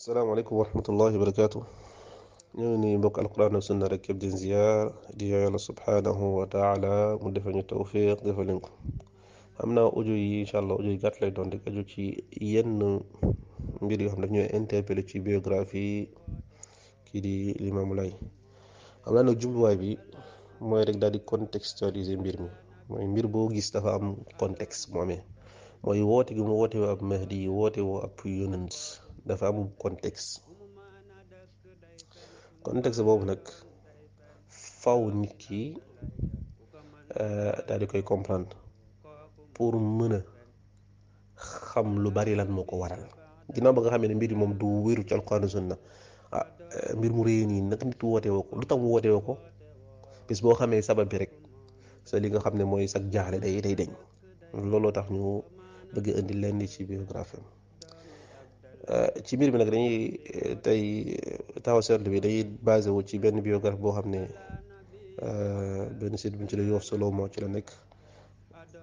salaamaaleykum wa rahmatullahi wa barakaatu ñu ngi nii mbokk alquran ak sunna rek yëpp di ziyaar di yàlla subhanahu wa taala mu defal ñu tawfiq defal leen ko na naa audio yi incha allah audio yi gàtt lay doon rek aju ci yenn mbir yoo xam ne daf ñooy ci biographie kii di Limaamu Laay xam naa jubluwaay bi mooy rek daal di contextualiser mbir mi mooy mbir boo gis dafa am contexte mu amee mooy woote gi mu woote woo ab mahdi woote woo ab yonent dafa am contexte contexte boobu nag faw nit ki eh, daal di koy comprendre pour mën a xam lu bari lan moo ko waral ginnaaw ba nga xamee ne mbir moom du wéeru ci alquran sunna ah eh, mu réy nii nag nit woote woo ko lu tax mu woo ko bis boo xamee sabab bi rek sa li nga xam ne mooy sag jaaxle day day deñ looloo tax ñu bëgg indi lenn ci biographie Euh, ci mbir mi nag dañuy euh, tey euh, taxaw seetlu bi dañuy basé wu ci benn biographe boo xam ne benn site bu ñu ci la Yoof Salomo ci la nekk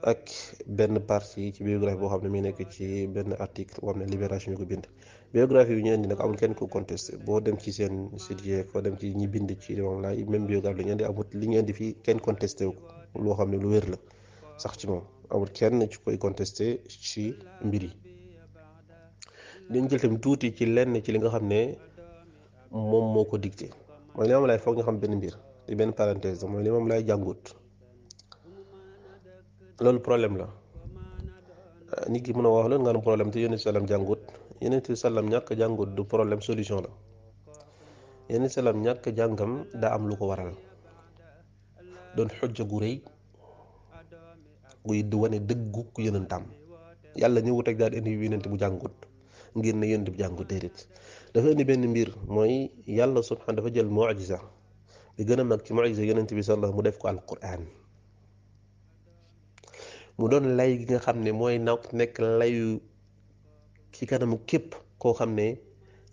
ak benn partie ci biographie boo xam ne mi nekk ci benn article boo xam ne Libération ñu ko bind biographie bi ñu indi nag amul kenn ko contesté boo dem ci seen site yeeg boo dem ci ñi bind ci moom laay même biographie dañu indi amut li ñu indi fii kenn contesté wu ko loo xam ne lu wér la sax ci moom amul kenn ci koy contesté ci mbir yi dañ jël tuuti ci lenn ci li nga xam ne moom moo ko dicté mooy Limaamu Laay foog ñu xam benn mbir te benn parenthèse mooy Limaamu Laay jàngut loolu problème la euh, nit ki mën a wax loolu nga am problème te yonent salaam jàngut yonent salaam ñàkk jàngut du problème solution la yonent salaam ñàkk jàngam daa am lu ko waral doon xujja gu rëy guy di wane dëggu yonentam yàlla ñëwut ak daal indi yonent bu jàngut ngir ne yonent bi jàngu déedéet dafa indi benn mbir mooy yàlla subhaan dafa jël mucjisa li gën a mag ci mucjisa yonent bi sallallahu mu def ko alquran mu doon lay gi nga xam ne mooy naw nekk layu ci kanamu képp koo xam ne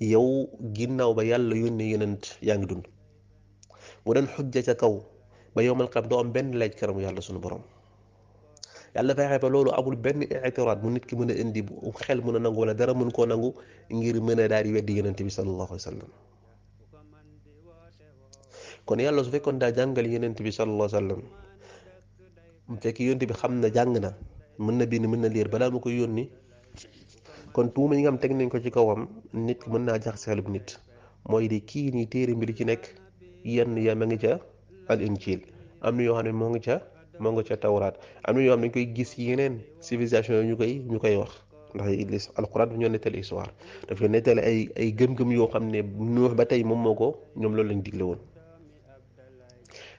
yow ginnaaw ba yàlla yónnee yonent yaa ngi dund mu doon xujja ca kaw ba yowmal qiyam doo am benn laaj kanamu yàlla sunu borom. yàlla dafay xeepe loolu amul benn itiraat mu nit ki mën a indi bu xel mën a nangu wala dara mën koo nangu ngir mën a daal di weddi yonent bi sallallahu alayhi wa sallam yàlla su fekkoon daa jàngal yonent bi sallallahu alayhi wa sallam mu fekk yonent bi xam na jàng na mën na bind mën na liir balaa ma koy yónni kon tuuma yi nga xam teg nañ ko ci kawam nit ki mën naa jax si xelub nit mooy di kii nii téere mbir ci nekk yenn ya ma ngi ca al injil am na yoo xam ne moo ngi ca. moo nga ca tawraat am na ñoo koy gis yeneen civilisation yi ñu koy ñu koy wax ndax Iblis alquran ñoo nettali histoire daf ñoo ay ay gëm yoo xam ne Nuux ba tey moom moo ko ñoom loolu lañ digle woon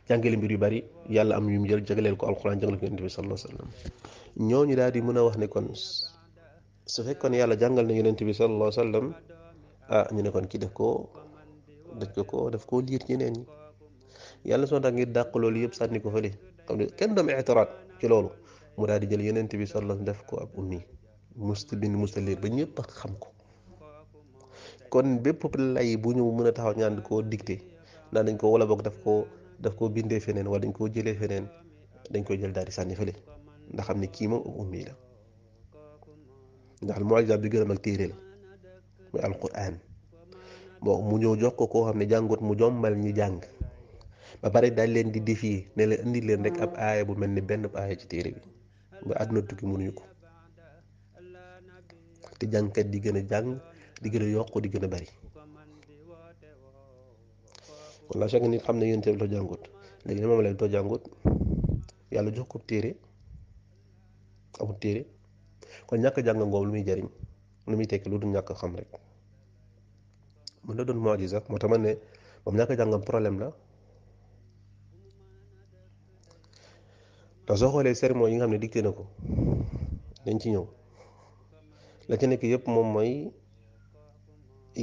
yu bari yàlla am yu mu jël jagleel ko alquran jagleel ko yonent bi sallallahu alayhi wasallam ñooñu daal di mën a wax ne kon fekkoon yàlla jàngal na yonent bi sallallahu alayhi wasallam ah ñu ne kon kii def ko def ko koo liir yeneen ñi yàlla soo tax ngir dàq loolu yëpp sànni ko fële xam ne kenn doom ci loolu mu daal di jël yeneen bi sallallahu def ko ab ummi mustalin mustalin ba ñëpp xam ko bépp lay bu ñu mën a taxaw ñaan koo dicté naan dañ ko wala boog daf koo daf koo bindee feneen wala dañ koo jëlee feneen dañ koy jël daal di sànni fële ndax kii moom ab ummi la ndax mu'jiza bi gën a téere la muy alquran bon mu ñëw jox ko koo xam ne jàngut mu jommal ñi jàng ba pare daal leen di défier ne la indi leen rek ab aaya bu mel ni benn aaya ci téere bi ba àdduna tukki mënuñu ko te jàngkat di gën a jàng di gën a yokk di gën a bari kon la chaque nit xam ne yonent bi too jàngut yàlla jox ko téere amul téere kon ñàkk jàng ngoom lu muy jariñ lu muy tekki lu du ñàkk xam rek mën na doon moo ji sax moo tax ma ne moom ñàkk jàngam problème la te soo xoolee sermon yi nga xam ne dicté na ko dañ ci ñëw la ci nekk yëpp moom mooy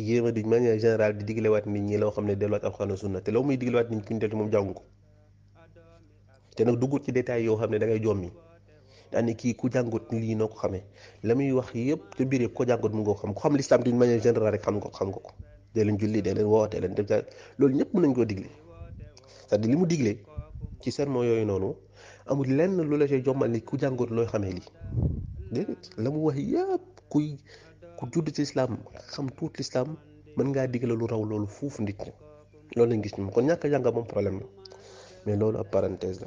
yéema di manière générale di diglewaat nit ñi loo xam ne delluwaat alxuraan sunna te loo muy diglewaat waat ki ñu dellu moom jàngu te nag duggut ci détail yoo xam ne da ngay jommi daane kii ku jàngut lii noo ko xamee la muy wax yëpp te biir yëpp ko jàngut mu nga ko xam ko xam l'islam d'une manière générale rek xam nga ko xam nga ko dee leen julli dee leen wootee leen def loolu ñëpp mën nañ koo digle cest li mu digle ci sermon yooyu noonu amul lenn lu la cay jommal ni ku jàngoot looy xamee lii la mu wax yëpp kuy ku judd ci lislaam xam tuuti lislaam mën ngaa digale lu raw loolu foofu nit loolu lañ gis ñoom kon ñàkk a moom problème la mais loolu ab parenthèse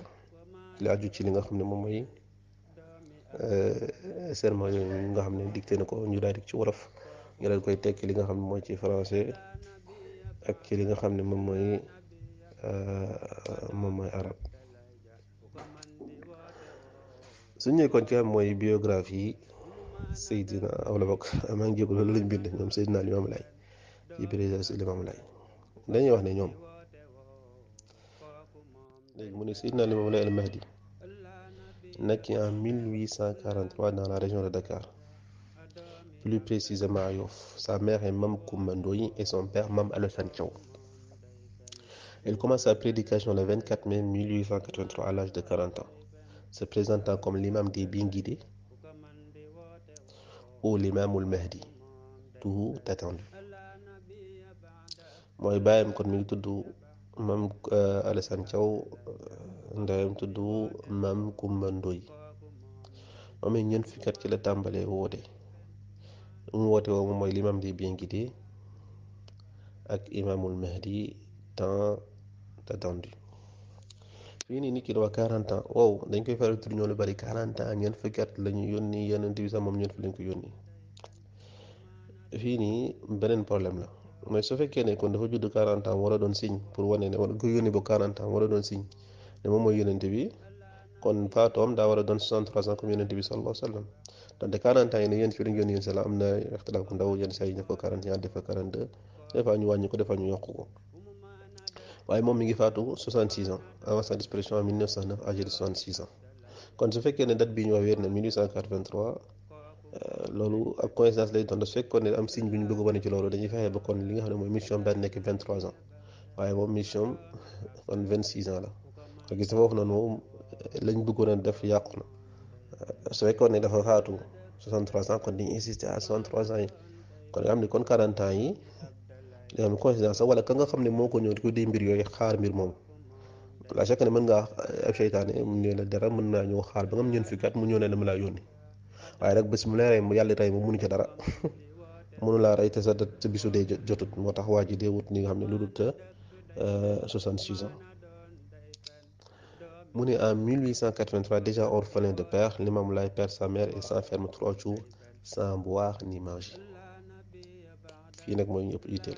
la li ci li nga xam ne moom mooy euh, serment yooyu nga xam ne dicté na ko ñu ci wolof ñu koy tekki li nga xam ne mooy ci français ak ci li nga xam ne moom mooy euh, moom mooy arab su ñu nekkoon ci mooy biographie Seydina wala bokk maa ngi jégalu loolu lañ bind ñoom Seydina Limaamu Laay ci présidence dañuy wax ne ñoom léegi mu ne Seydina Limaamu Laay El Mahdi nekk en 1843 dans la région de Dakar plus précisément à Yoff sa mère est Mame Koumba Ndoye et son père Mame Alassane Thiaw elle commence sa prédication le 24 mai 1883 à l'âge de 40 ans se présentant comme l'imam des bien guidés ou l'imam al mahdi tout attendu kon mi ngi l'imam euh, Alassane Thiaw euh, ndeyam Je suis venu le moom je suis ci la tàmbalee woote mu l'imam des bien ak mahdi tant attendu fii nii nit ki dafa quarante ans wow dañ koy faral tur ñoo lu bari quarante ans ñeent fukki at la ñu yónni yeneen bi sax moom ñeent fukki lañ ko yónni fii nii beneen problème la mooy su fekkee ne kon dafa judd quarante ans war a doon signe pour wane ne war ko yónni ba quarante doon signe ne mooy yónent bi kon faatoom daa war a doon 63 ans comme yónent bi sallallahu alayhi wa sallam donte 40 ans yi ne am na ixtilaaf ndaw yenn saa yi ñu def ko 41 def ko ñu wàññi ko des ñu yokk ko waaye moom mi ngi faatu 66 ans avant sa disparition en 1909 âgé de 66 ans kon su fekkee ne date bi ñu wax wér na 1883 euh, loolu ak coïncidence lay doon su fekkoon ne am signe bi ñu bëgg a wane ci loolu dañuy fexe ba kon li nga xam ne mooy mission daan nekk 23 ans waaye moom mission kon 26 ans la nga gis ne foofu noonu moom euh, lañ bëggoon a def yàqu na euh, su fekkoon ne dafa faatu 63 ans kon dañuy insister à 63 ans yi kon nga xam ne kon 40 ans yi. am coïncidence wala ka nga xam ne moo ko ñëw di ko dee mbir yooyu xaar mbir moom la chaque ne mën ngaa ab seytaane mu ne la dara mën naa ñëw xaar ba nga am ñeent fukki at mu ne dama laa yónni waaye nag bés mu lay rey yàlla rey ma mënu ci dara mënu laa rey te sa sa bisu dee moo tax waa ji dee wut nga xam ne lu dut 66 euh, ans mu ne en 1883 déjà orphelin de père Limamou Laye perd sa mère et s'enferme trois jours sans boire ni manger fii nag mooy ñëpp yitteel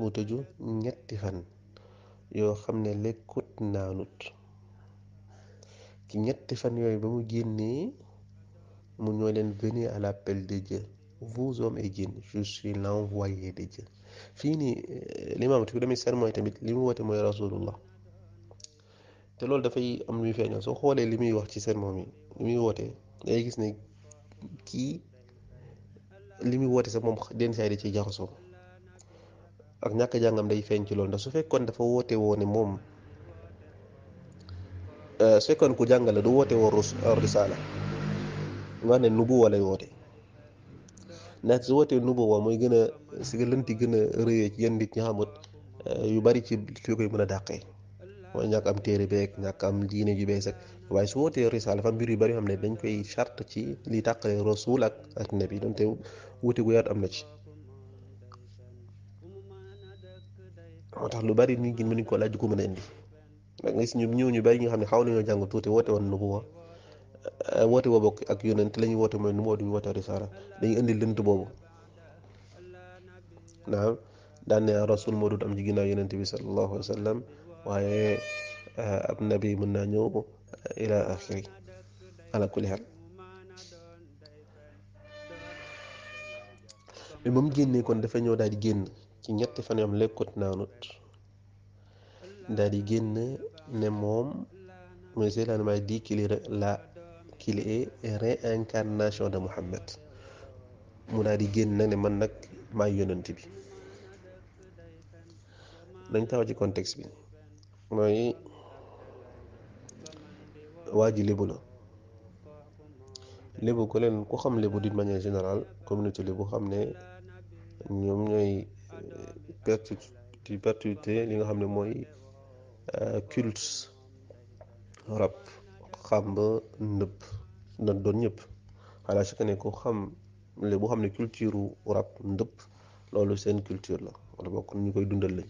mu tëju ñetti fan yoo xam ne lekkut naanut ci ñetti fan yooyu ba mu génnee mu ñoo leen venir à l'appel de Dieu vous hommes et djinns je suis l'envoyé de Dieu fii nii eh, limaamatu fi demee sermon tamit li mu woote mooy rasulullah te loolu dafay am lu muy soo xoolee li muy wax ci sermon mi li muy woote day gis ne kii li muy woote sax moom den saay da ci jaxasoo ak ñàkk jàngam day feeñ ci loolu ndax su fekkoon dafa woote woo ne moom euh, su fekkoon ku jàngale du woote woo euh, risaala nga ne nubuwa lay woote ndax su wootee nubuwa mooy gën a si yi gën a rëyee ci yenn nit ñi euh, yu bari ci fi koy mën a dàqee mooy ñàkk am téere beeg ñàkk am diine ju bees ak waaye su wootee risaala fan mbir yu bari yoo xam ne dañ koy charte ci li tàqalee rasul ak ak nabi donte wuute gu yaatu am na ci moo tax lu bari ni gi mu ni ko laaj ko mën a indi nga gis ñu ñëw ñu bari nga xam ne xaw na ñoo jàng tuuti woote woon nubuwa eh, woote wa bokk ak yonen te la ñuy woote mooy nu moo du ñu woote risaala dañuy indi lënt boobu naam daan ne rasul moo dut am ci ginnaaw yonent bi sal allahu alai wa sallam waaye eh, ab nabi mën naa ñëw eh, ila axiri ala kulli xel mais moom génnee kon dafa ñëw daal di génn ci ñetti fan yoo xam lekkut naanut daal di génn ne moom mooy Seydina Maalik dit qu'il est la qu'il est réincarnation de Muhammad mu daal di génn nag ne man nag maay yonent bi dañ taxaw ci contexte bi mooy waa ji lébu la lébu ko leen ku xam lébu d'une manière générale communauté lébu xam ne ñoom ñooy perpétuité li nga xam ne mooy euh, culte rab xam xàmb nëpp na doon ñëpp xanaa chaque année ko xam le boo xam ne culture rab ndëpp loolu seen culture la wala bokk ñu koy dundal lañ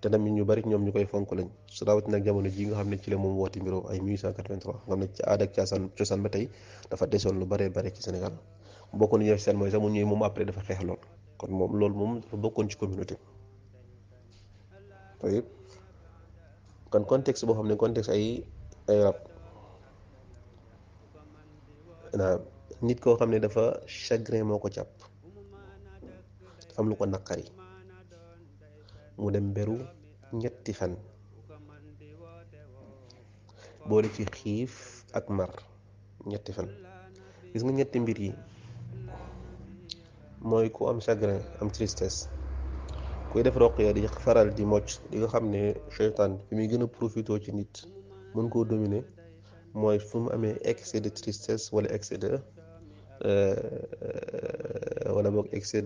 te tamit ñu bari ñoom ñu koy fonk lañ su rawatina nag jamono ji nga xam ne ci la moom woote mbiróom ay 1883 nga xam ne ci aada ak cosaan ba tey dafa desoon lu bare bare ci Sénégal bokk nañu seen mooy sax mu ñëw moom après dafa xeex lool kon moom loolu moom dafa bokkoon ci communauté yëpp kon contexte boo xam ne contexte ay ay rab nit koo xam ne dafa chagrin moo ko càpp am lu ko naqari mu dem beru ñetti fan boole ci xiif ak mar ñetti fan gis nga ñetti mbir yi mooy ku am chagrin am tristesse kuy def roqya di faral di mocc di nga xam ne seytaan fi muy gën a profité ci nit mën koo dominer mooy fu mu amee excès de tristesse wala excès de euh, wala boog euh,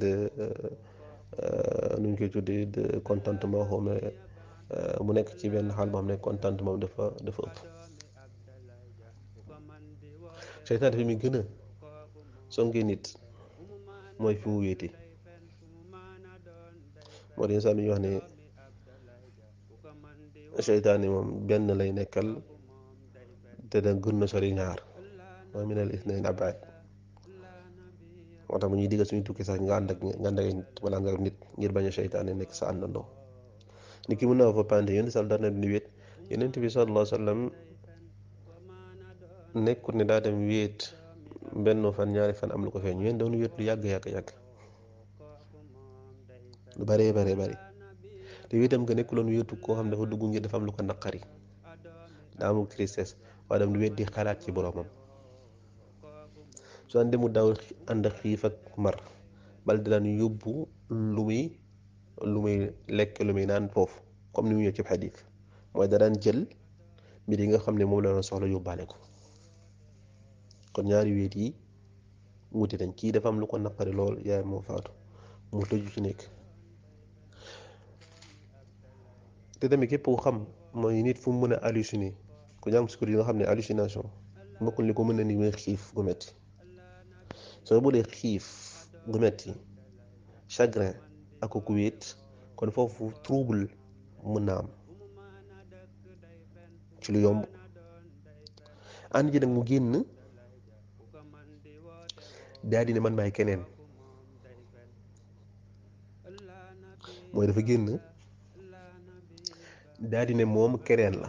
koy tuddee de contentement xaw ma euh, nekk ci benn xaal boo xam ne contentement dafa dafa ëpp songee nit moy fu wéete moo di sami mi ñu wax ni seytaane moom benn lay nekkal te da gën na sori ñaar mooy minal isnayn abaad moo tax mu ñuy diggal suñu tukki sax nga ànd ak nga ànd nit wala nga nit ngir baña shaytan nekk sa andando ni ki mun naa fa pante yéen sal daan ni di wéet tibi sallallahu alayhi wasallam sallam ni da dem wéet benn fan ñaari fan am lu ko feeñ yéen doon yët yàgg yàgg yàgg bare bare bare te itam que nekkuloon yëtu koo xam ne dafa dugg ngir dafa am lu ko naqari daamu amul tristesse waaye dem lu xalaat ci boromam su ànde mu daaw ànd xiif ak mar bal daan yóbbu lu muy lu muy lekk lu muy naan foofu comme ni mu ñëw ci xadiis mooy da daan jël mbir yi nga xam ne moom la doon soxla yóbbaale ko. kon ñaari wéet yi wuute dañ kii dafa am lu ko naqari lool yaay moo faatu mu tëju ci nekk te tamit képp ku xam mooy nit fu mu mën a halluciner ku ñu am psychologie yi nga xam ne hallucination bokkul li ko mën a ni mooy xiif gu metti soo bu dee xiif gu metti chagrin ak ku wéet kon foofu trouble mën na am ci lu yomb ànd ji nag mu génn daal ne man maay keneen mooy dafa génn daal ne moom keneen la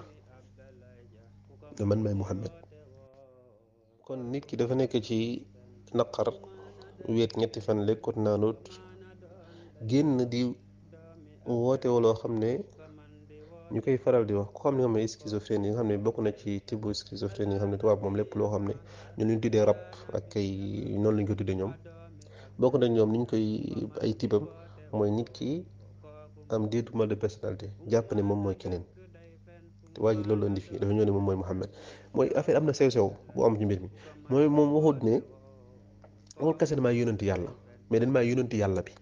ne man maay Muhammad kon nit ki dafa nekk ci naqar wéet ñetti fan lekkut naanut génn di woote loo xam ne ñu koy faral di wax ku xam ne nga xam ne yi nga xam ne bokk na ci tibb schizophrénie yi nga xam ne tubaab moom lépp loo xam ne ñu ñu tuddee rab ak ay noonu lañ ko tuddee ñoom bokk na ñoom ni ñu koy ay tibam mooy nit ki am ma de personnalité jàpp ne moom mooy keneen waa ji loolu la indi fii dafa ñëw ne moom mooy Mouhamed mooy affaire am na sew sew bu am ci mbir mi mooy moom waxut ne waxul kese damaa yónantu yàlla mais dañ maa yónantu yàlla bi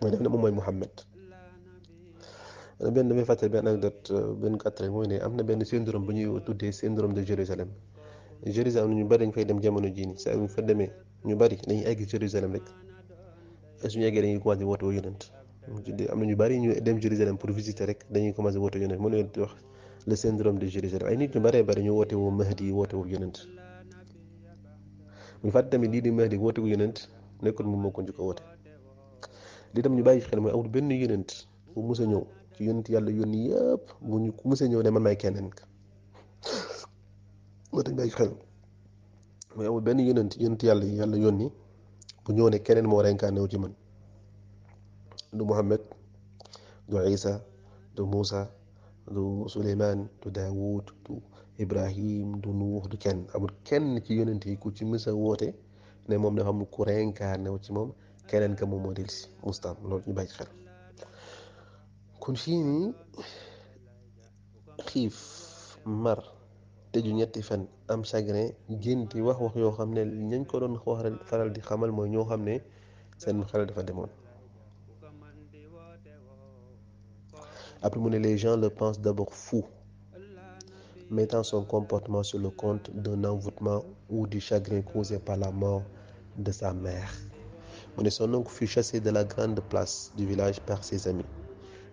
mooy def ne moom mooy Mouhamed benn damay fàttali benn anecdote euh, benn kàttale mooy ne am na benn syndrome bu ñuy tuddee syndrome de Jérusalem Jérusalem ñu bari dañ fay dem jamono jii nii saa yu fa demee ñu bari dañuy egg Jérusalem rek suñu eggee dañuy commencé woote woo yonent am na ñu bari ñu dem Jérusalem pour visiter rek dañuy commencé woote yonent mën nañu wax le syndrome de Jérusalem ay nit ñu baree bari ñu wootee woo Mahdi yi woote woo yonent bu ñu fàtte tamit lii di Mahdi woote woo yonent nekkul moom moo ko njëkk a woote li tam ñu bàyyi xel mooy amul benn yonent bu mës a ñëw. ci yonent yàlla yónni yëpp mu ñu ku mës a ñëw ne man maay keneen ka moo tax bàyyi xel mooy amul benn yonent yonent yàlla keneen moo réincarné wu ci man du Muhammad du Isa du Muusa du Suleymaan du Daawud du Ibrahim du du kenn amul kenn ci yonent ku ci mës woote ne moom dafa am ku réincarné ci moom keneen ka moom moo dellusi mustaam loolu ñu bàyyi xel kon fii nii xiif mar tëju ñetti fan am chagrin génti wax wax yoo xam ne ñañ ko doon wax faral di xamal mooy ñoo xam ne seen dafa demoon après mu ne les gens le pensent d'abord fou mettant son comportement sur le compte d'un envoûtement ou du chagrin causé par la mort de sa mère mu ne son oncle fut chassé de la grande place du village par ses amis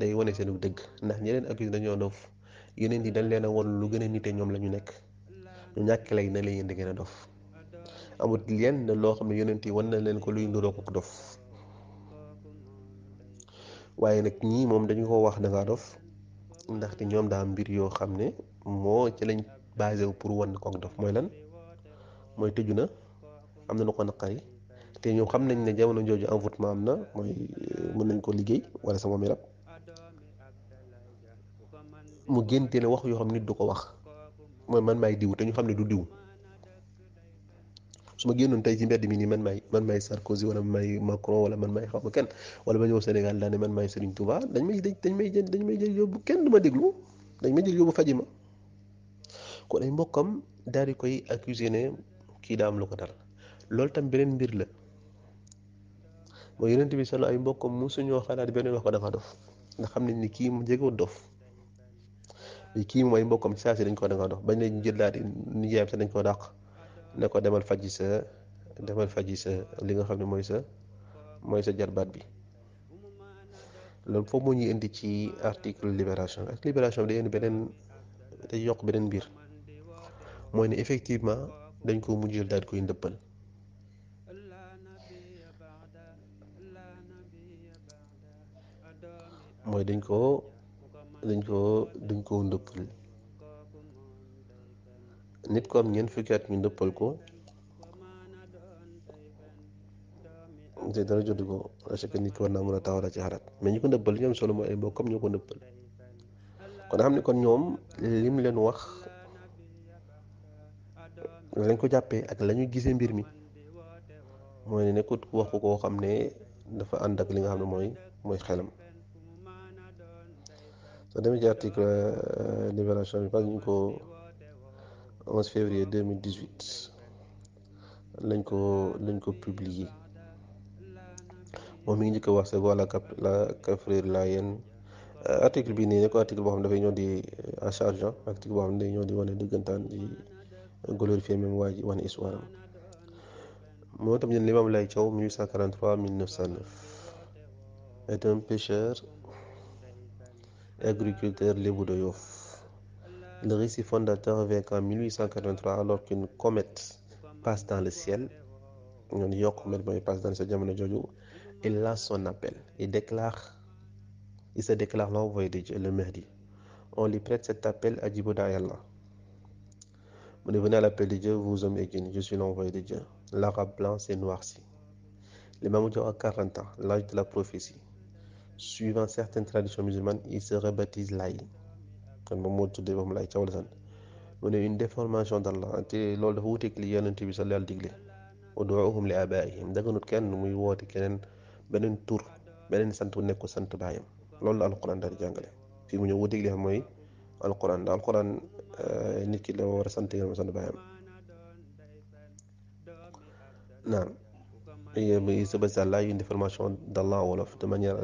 day wane seenu dëgg ndax ñeneen accuse dañoo dof yeneen yi dañ leen a won lu gën a nite ñoom la ñu nekk ñu ñàkk lay na leen di gën a dof amut yenn loo xam ne yonent yi wan na leen ko luy nduróo ko dof waaye nag ñii moom dañu ko wax dangaa dof ndaxte ñoom daa mbir yoo xam ne moo ci lañ basé wu pour wan kook dof mooy lan mooy tëju na am na lu ko naqari te ñoom xam nañ ne jamono jooju envoûtement am na mooy eh, mën nañ koo liggéey wala sama mi mu génte la wax yoo xam nit du ko wax mooy man maay diw te ñu xam ne du diw su ma génnoon tey ci mbedd mi nii man maay man maay Sarkozy wala man maay Macron wala man maay xaw ma kenn wala ma ñëw Sénégal man maay Serigne Touba dañ may dañ may jël dañ may jël yóbbu kenn du ma déglu dañ may jël yóbbu faji ma kon ay mbokkam daal di koy accusé ne kii daa am la ko dal loolu tam beneen mbir la mooy yonent bi solo ay mbokkam mu mosuñoo xalaat beneen wax ko dafa dof nga xam ne ni kii mu jegewut dof kii mooy mbokkam ci saa si dañ koo danga dox bañ la ñu jëlaat nijaayam sax dañ koo dàq ne ko demal faji sa demal faji sa li nga xam ne mooy sa mooy sa jarbaat bi loolu foofu moo ñuy indi ci article libération ak libération bi day indi beneen day yokk beneen mbir mooy ne effectivement dañ ko mujjul daal koy ndëppal mooy dañ ko dañ ko duñ ko ndëppal nit ko am ñeent fukki at ñu ndëppal ko te dara jotu ko parce que nit ki war naa mën a tawara ci xarat mais ñu ko ndëppal li ñu am solo mooy ay mbokkam ñoo ko ndëppal kon xam ne kon ñoom lim leen wax lañ ko jàppee ak lañuy ñu gisee mbir mi mooy ne nekkut wax ko koo xam ne dafa ànd ak li nga xam ne mooy mooy xelam Le demee article euh, libération la 11 février 2018 lañ le publié. a c'est la Kafrir la euh, article bi article boo xam di euh, en charge hein. article boo xam ne day di wane dëggantaan di même 1909 est un pêcheur agriculteur Lébou Le récit fondateur vient en 1883 alors qu'une comète passe dans le ciel. Une comète passe dans le ciel, il lance son appel et déclare, il se déclare l'envoyé de Dieu, le Mahdi. On lui prête cet appel à Djiboda Allah. Vous venez à l'appel de Dieu, vous hommes et je suis l'envoyé de Dieu. L'arabe blanc s'est noirci. Le Mahmoud a 40 ans, l'âge de la prophétie. suivant certaines traditions musulmanes, il se rebaptise rebaptisent laïcs. mu a une déformation d'Allah te loolu dafa wuteeg li yonent bi sallallahu alayhi digle uduuhum li abaihim daganut kenn muy woote keneen beneen tur beneen sant bu nekk sant baayam loolu la alquran daal jàngale fii mu ñëw wuteeg li xam mooy alquran da alquran nit ki la war a sant yàlla sant baayam naam ba sa basa la une déformation d'Allah wolof de manière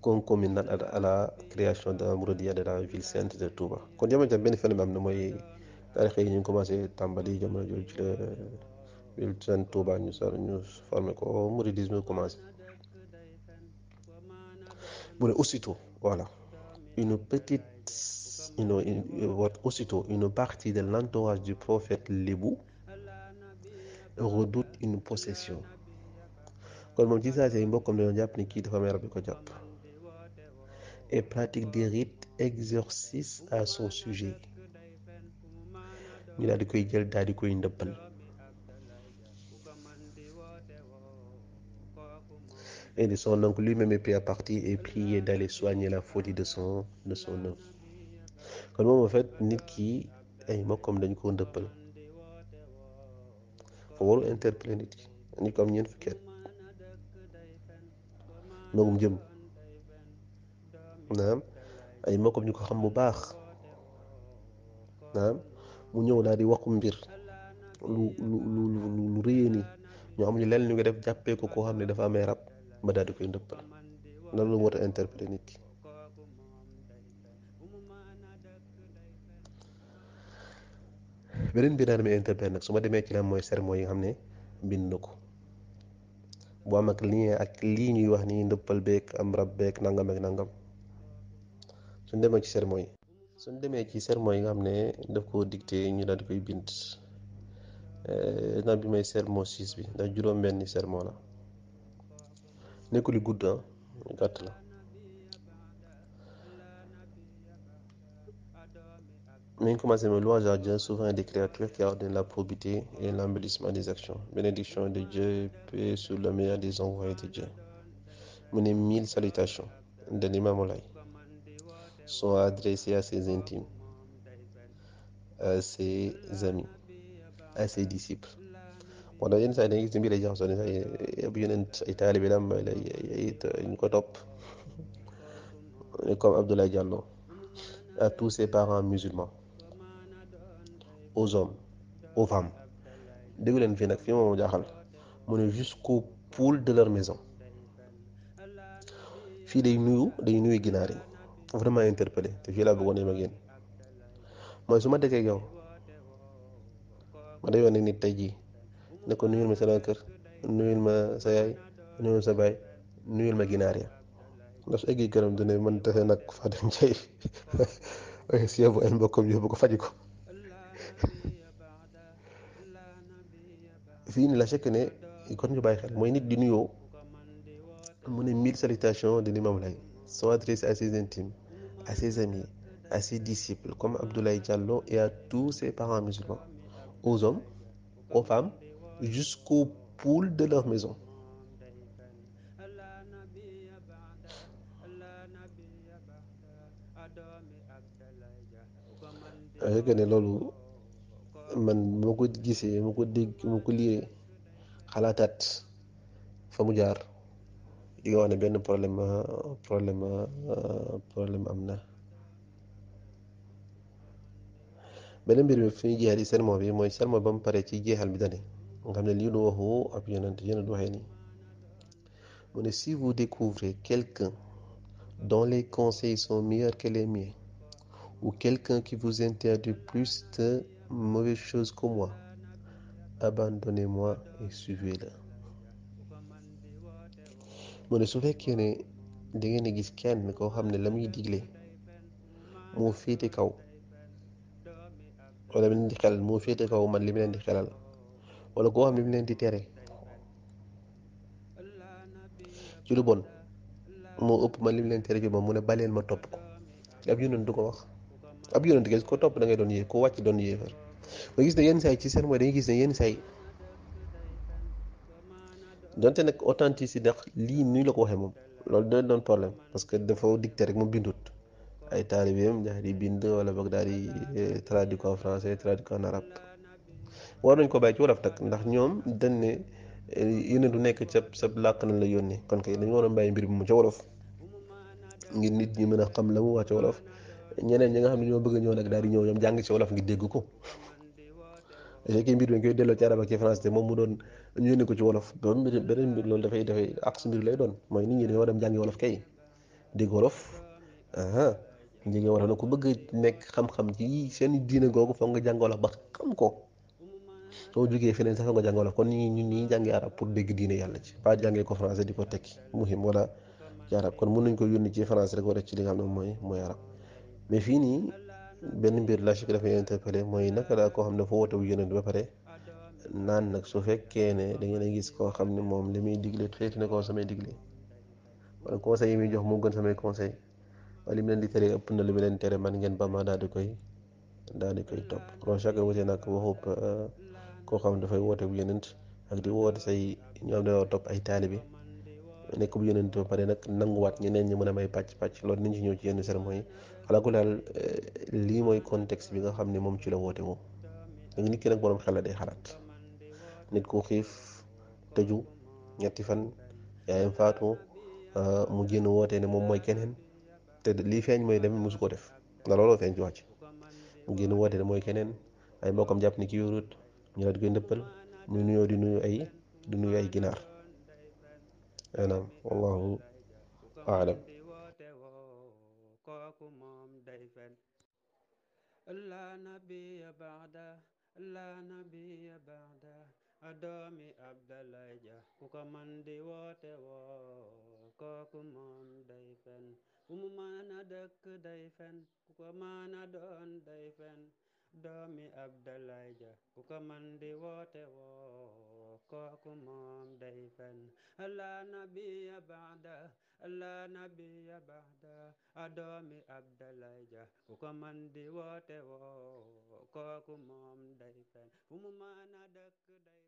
concomitant à la création d'un la de la ville sainte de Touba Quand un phénomène commencé bénéfice. la ville sainte Touba ñu formé commencé aussitôt voilà une petite une, une, aussitôt une partie de l'entourage du prophète bénéfice. redoute une possession comme bénéfice. ci a un comme le dafa et pratique des rites exercice à son sujet il a di koy jël daal di ndëppal et de son oncle lui-même est parti à et prié d'aller soigner la folie de son de son œuvre kon en fait nit ki ay comme dañ koo ndëppal fa waru interpeller nit ki nit ko am ñeent fukki naam ay mbokkam ñu ko xam bu baax naam mu ñëw daal di waxu mbir lu lu lu lu lu rëyee ñu xam ñu lenn ñu ngi def jappé ko ko xam dafa may rap ba daal di koy ndëppal lan la war a interpréter nit ki beneen bi daal may interpréter nak suma démé ci lan moy sermon yi nga bind na ko bu am ak lien ak li ñuy wax ni ndeppal bek am rab bek nangam ak nangam suñ demee ci sermon nga xam daf koo dicté ñu daal di koy bind euh, may sermon six bi ndax juróom sermon la gudd la ah, à des créatures qui ordonne la probité et l'embellissement des actions. Bénédiction de Dieu, paix sur le meilleur des envoyés de Dieu. mille salutations. de moi sont adressés à ses intimes, à ses amis, à ses disciples. bon dañu saa dañuy gis mbir yi jaxasoo ne sax ab yonent ay taalibe lam it ñu ko comme Abdoulaye Diallo à tous ses parents musulmans aux hommes aux femmes Dès que fii nag fii moom jaaxal mu ne jusqu'aux de leur maison fii day nuyu day nuyu ginaar vraiment interpellé te fii laa bëggoon yem ak yéen mooy su ma dëkkee yow ma dayoon ne nit tey jii ne ko nuyul ma sa kër nuyul ma ginaar ya ndax su eggee këram dina mën tase nag Fatou Ndiaye si yóbbu ay mbokkam yóbbu ko faji ko fii ni la fekk ne kon ñu bàyyi xel mooy nit di nuyoo mu ne mille salutations de l'imam lay sont adressés à ses intimes, à ses amis, à ses disciples, comme Abdoulaye Diallo, et à tous ses parents musulmans, aux hommes, aux femmes, jusqu'aux poules de leur maison. man il y a ne benn problème problème problème am na beneen mbir mi fi ñuy jeexal ci sermon bi mooy sermon ba mu paree ci jeexal bi dane nga xam ne lii nu waxu ab yonent yonent waxee nii mu ne si vous découvrez quelqu'un dont les conseils sont meilleurs que les miens ou quelqu'un qui vous interdit plus de mauvaises choses que moi abandonnez-moi et suivez-le mu ne su fekkee ne da ngeen a gis kenn koo xam ne la muy digle moo féete kaw wala mi leen di xelal moo féete kaw man li mu leen di xelal wala koo xam ne mi leen di tere ci lu bon moo ëpp man li mu leen tere ci moom mu ne baleen ma topp ko ab yonent du ko wax ab yonent gis ko topp da ngay doon yéef ko wàcc doon yéefar ba gis ne yenn saay ci seen mooy dañuy gis ne yenn saay donte nag si ndax lii nuy la ko waxee moom loolu doon doon problème parce que dafa dicté rek moom bindut ay taalibeem daal di bind wala boog daal di eh, traduit ko en français traduit ko en war nañ ko bàyyi ci wolof nag ndax ñoom dañ ne eh, yónnee du nekk ca sa làkk na la yónnee kon kay dañu war a bàyyi mbir bi mu ca wolof ngir nit ñi mën a xam la mu wax ca wolof ñeneen ñi nga xam ne ñoo bëgg ñëw nag daal di ñëw ñoom jàng si wolof ngir dégg ko bu fekkee mbir mi koy delloo ci arab ak ci français moom mu doon ñu yónnee ko ci wolof ah. ba mbir beneen loolu dafay dafay ak lay doon mooy nit ñi dañoo dem jàngi wolof kay dégg wolof aa ñi ngi na ko bëgg nekk xam-xam ci seen diine googu foog nga jàng wolof ba xam ko soo jógee feneen sax nga jàng wolof kon ñi ñun ñii jàngee arab pour dégg diine yàlla ci pas jàngee ko france di ko tekki muhim wala ci arab kon mën nañ ko yónni ci français rek wala ci li nga mooy mooy arab mais fii nii benn mbir la ci dafay interpellé mooy naka la koo xam ne foo woote wu yónent ba pare naan nag su fekkee ne da ngeen a gis koo xam ne moom li muy digle féeti na koo samay digle wala conseil yi muy jox moo gën samay conseil wala li di tere ëpp na li mu leen tere man ngeen ba ma daal di koy daal di koy topp loolu chaque wute nag waxub euh, koo xam ne dafay woote bu yenent ak di woote say ñoom dañoo topp ay taalibe nekk bu yenent ba nag nanguwaat ñeneen ñi mën a may pàcc pàcc loolu nañ ci ñëw ci yenn sermon yi xalaa ko daal euh, lii mooy contexte bi nga xam ne moom ci la woote woo léegi nit ko nag borom xel la day xalaat nit ku xiif tëju ñetti fan yaayam faatu euh, mu génn woote ne moom mooy keneen te lii feeñ mooy dem mosu def nga looloo feeñ ci wàcc mu génn woote ne mooy keneen ay mbokkam jàpp ni ki yorut ñu daal di koy ndëppal ñu nuyoo di nuyu ay di nuyu ginaar maanaam wallahu aalam la a doomi Abdalaay Ja ku ko man di woote woo kooku moom day fen fu mu mën dëkk day fen ku ko mën a doon day fen doomi Abdalaay Ja ku ko man di woote woo kooku moom day fen Ja ku ko man di woote moom day fen fu mu dëkk day